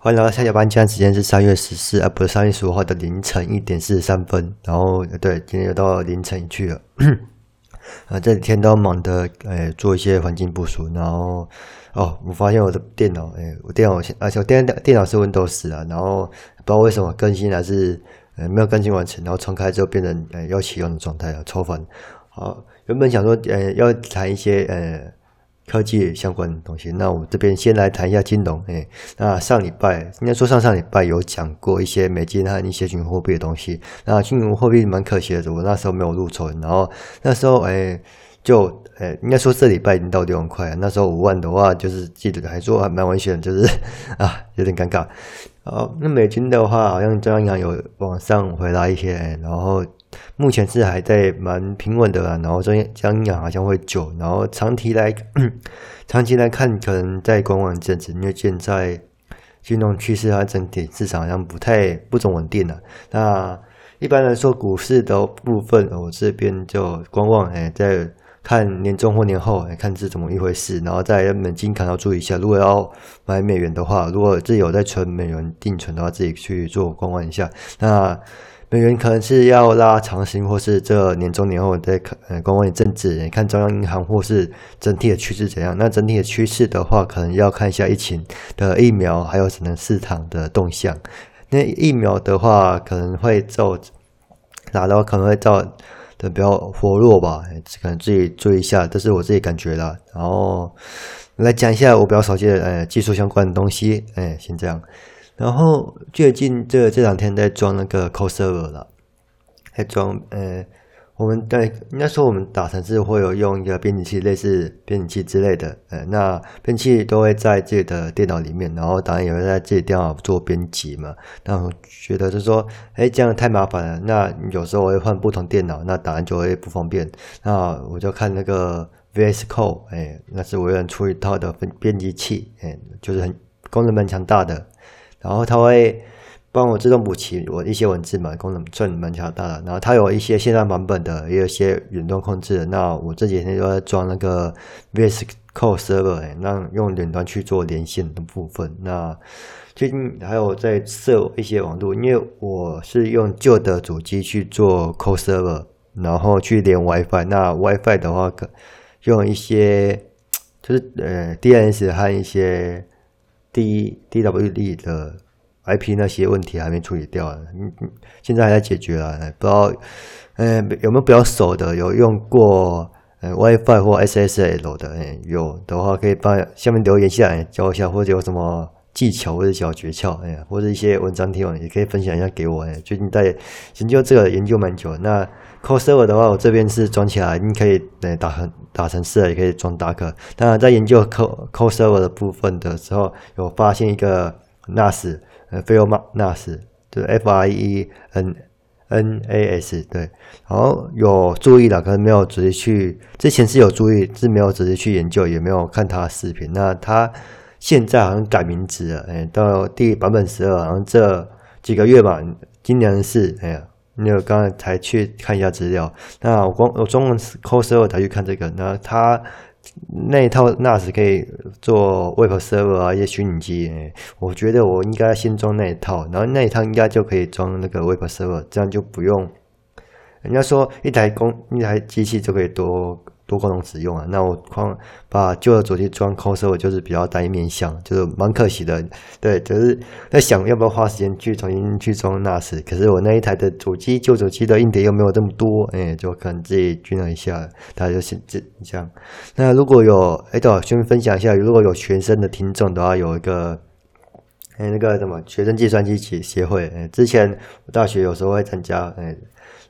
歡迎來到下下班。今天時間是三月十四，啊不是三月十五號的凌晨一點四十三分。然後，對，今天又到凌晨去了。啊，這幾天都忙的，呃，做一些環境部署。然後，哦，我發現我的電腦，哎、呃，我電腦，而、啊、且我電電腦是 Windows 啊。然後，不知道為什麼更新還是呃沒有更新完成，然後重開之後變成呃要啟用的狀態啊，超煩。好，原本想說呃要談一些呃。科技相關的東西，那我這邊先來談一下金融。哎，那上禮拜應該說上上禮拜有講過一些美金和一些金融貨幣的東西。那金融貨幣蠻可惜的，我那時候沒有入存。然後那時候，哎，就哎，應該說這禮拜已經到六萬塊了。那時候五萬的話，就是記得還說還蠻危險。就是啊，有點尷尬。好，那美金的話，好像中央銀行有往上回拉一些，然後。目前是還在蠻平穩的，啊，然後中將養好像會久，然後長期來長期來看，可能在觀望一陣子，因為現在金融趨勢它整體市場好像不太不怎麼穩定了，啊。那一般來說，股市的部分我這邊就觀望，誒、哎、在。看年終或年後，看這是怎麼一回事，然後在美金上要注意一下。如果要買美元的話，如果自己有在存美元定存的話，自己去做觀望一下。那美元可能是要拉長線，或是這年終年後再看。觀望一下政治，看中央銀行或是整體的趨勢怎樣。那整體的趨勢的話，可能要看一下疫情的疫苗，還有可能市場的動向。那疫苗的話，可能會造，哪的話可能會造。都比較薄弱吧，只、欸、敢自己注意一下，這是我自己感覺的。然後來講一下我比較熟悉的、欸，技術相關的東西，哎、欸，先這樣。然後最近這這兩天在裝那個 Cursor 了，還裝，呃、欸。我們對應該說我們打算是會有用一個編輯器，類似編輯器之類的。呃，那編輯器都會在自己的電腦裡面，然後打印也會在自己電腦做編輯嘛。那我覺得是說，哎，這樣太麻煩了。那有時候我會換不同電腦，那打印就會不方便。那我就看那個 VS Code，哎，那是微軟出一套的編編輯器，哎，就是很功能蠻強大的。然後它會。幫我自動補齊我一些文字嘛，功能算蠻強大的。然後它有一些線上版本的，也有一些遠端控制的。那我這幾天就在裝那個 VS Code Server，讓、欸、用遠端去做連線的部分。那最近還有在設一些網絡，因為我是用舊的主機去做 Code Server，然後去連 WiFi。Fi, 那 WiFi 的話，用一些就是呃 DNS 和一些 D D W D 的。I P 那些問題還沒處理掉，嗯嗯，現在還在解決啊，不知道，嗯、哎，有沒有比較熟的，有用過呃、哎、WiFi 或 S S L 的，哎？有的話可以把下面留言下來、哎、教一下，或者有什麼技巧或者小訣竅，哎，或者一些文章貼也可以分享一下給我。哎，最近在研究這個研究蠻久。那 Code Server 的話，我這邊是裝起來，你可以呃、哎、打打程式，也可以裝 Docker。當然，在研究 Code Code Server 的部分的時候，有發現一個。納斯呃，菲歐曼納斯，是 F I, AS, F I E N N A S，對。然後有注意了，可能沒有直接去，之前是有注意，是沒有直接去研究，也沒有看他的視頻。那他現在好像改名字了，誒、哎，到第 1, 版本十二，好像這幾個月吧，今年是誒，呀、哎，那個剛才才去看一下資料，那我光我中文扣時候才去看這個，那他。那一套 NAS 可以做 Web Server 啊，一些虛擬機，我覺得我應該先裝那一套，然後那一套應該就可以裝那個 Web Server，這樣就不用。人家說一台工一台機器就可以多。多功能使用啊，那我框把舊的主機裝 Core 時候，就是比較單一面向，就是蠻可惜的。對，就是在想要不要花時間去重新去裝 NAS，可是我那一台的主機舊主機的硬碟又沒有這麼多，哎，就可能自己均了一下，大家就先這這樣。那如果有哎，對啊，順便分享一下，如果有學生，的聽眾都要有一個哎那個什麼學生計算機協協會，哎，之前我大學有時候會參加，哎。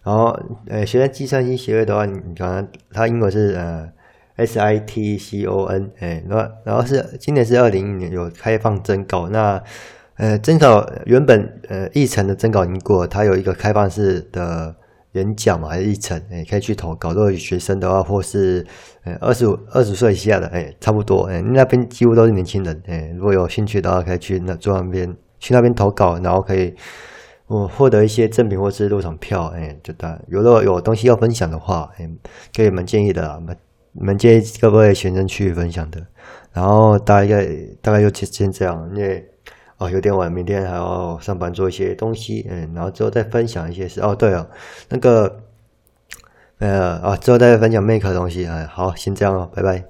然後，呃，學生計算機協會的話，你可能它英文是呃 S I T C O N，哎，然後是今年是二零年有開放徵稿，那呃徵稿原本呃議程的徵稿，英國它有一個開放式的演講嘛，還是議程，哎，可以去投稿。如果學生的話，或是呃二十五二十歲以下的，哎，差不多，哎，那邊幾乎都是年輕人，哎，如果有興趣的話，可以去那做那邊去那邊投稿，然後可以。我獲、哦、得一些贈品或是入場票，哎、欸，就大。如果有東西要分享的話，哎、欸，給你們建議的啦，蠻蠻建議各位學生去分享的。然後大概大概就先先這樣，因為哦有點晚，明天還要上班做一些東西，嗯，然後之後再分享一些事。哦對哦，那個呃啊，之後再分享 Make 的東西，哎、嗯，好，先這樣哦，拜拜。